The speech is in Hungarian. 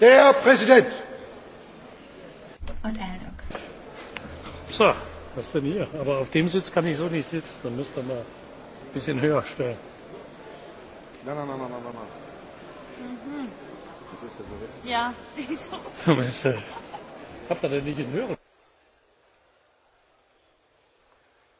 Der Präsident! Az elnök. So, was denn hier? Aber auf dem Sitz kann ich so nicht sitzen. Dann müsst ihr mal ein bisschen höher stellen. Nein, nein, nein, nein, nein, nein. Mhm. Ja, wieso? Habt ihr denn nicht in höheren?